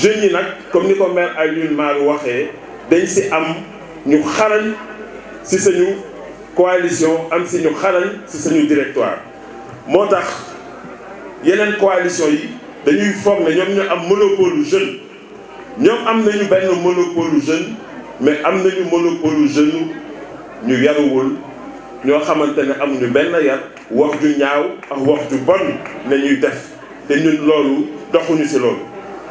jeunes yi comme ni ko maire Alioune dañ si am ñu xaral si une coalition am si ñu xaral ci sañu directoire Nous tax coalition yi dañuy foog ñom ñu am monopole jeune ñom am nañu benn monopole jeune mais am nañu monopole jeune ñu yaruwul ño xamantene nous amuñu benn yar wax ñaaw ak wax bon la def nous ñun loolu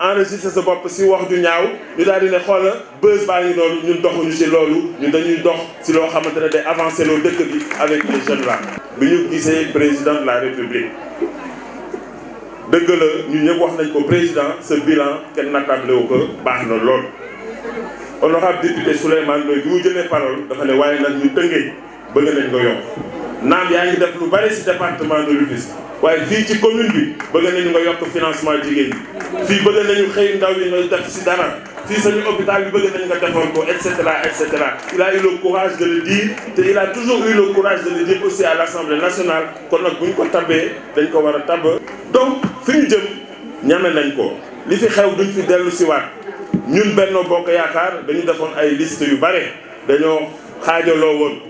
enregistré sa bopp si wax du ñaaw ñu daal di ne xoola bés baa ngi noonu ñun doxuñu si loolu ñun dañuy dox si loo xamante ne day avancé loo dëkk bi avec les jeunes là bi ñu gisee président de la république dëgg la ñu ñëpp wax nañ ko président ce bilan kenn nattable wu ko baax na lool honorable député Souleymane Ndoye bi mu jëlee parole dafa ne waaye nag ñu tëngee bëgg nañ ko yokk naam yaa ngi def lu bari si département de Rufisque waaye fii ci commune bi bëgg nañu nga yokk financement jigéen ñi fii bëgg nañu xëy ndaw yi nga def si dara fii sañu hôpital bi bëgg nañu nga defar ko et cetera et cetera il a eu le courage de le dire te il a toujours eu le courage de le dire aussi à l' assemblée nationale kon nag bu ñu ko tabee dañ ko war a tab donc fi ñu jëm ñame nañ ko li fi xew duñ fi dellu si waat ñun Benno Bokk Yaakaar dañu defoon ay liste yu bare dañoo xaajaloo woon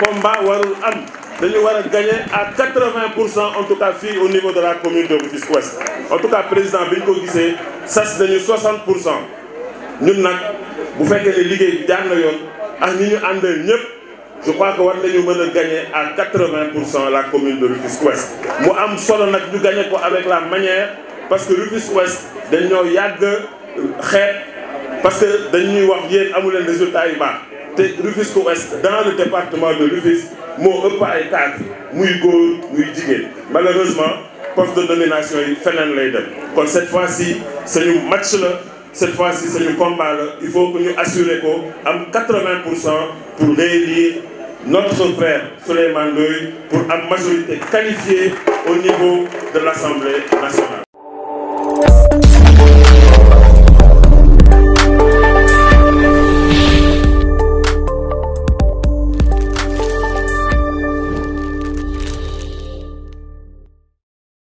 combat waru am gagner à 80 en tout cas au niveau de la commune de rufus ouest en tout cas président Binko que ça c'est sas dañu 60 pour faire ñun les bu fekkee li nous je crois que war nañu gagné gagner à 80 la commune de rufus ouest mu am solo nak gagner avec la manière parce que Rufisque-Ouest a yagg xeet parce que nous wax yeen amulen résultat dans le département de Rufisque mon repas ay cadre muy góor muy malheureusement poste de domination est un lay dem cette fois-ci c'est un match cette fois-ci un combat il faut que nous assurer 80 pour réélire notre frère Soleil Ndoye pour une majorité qualifiée au niveau de l'Assemblée nationale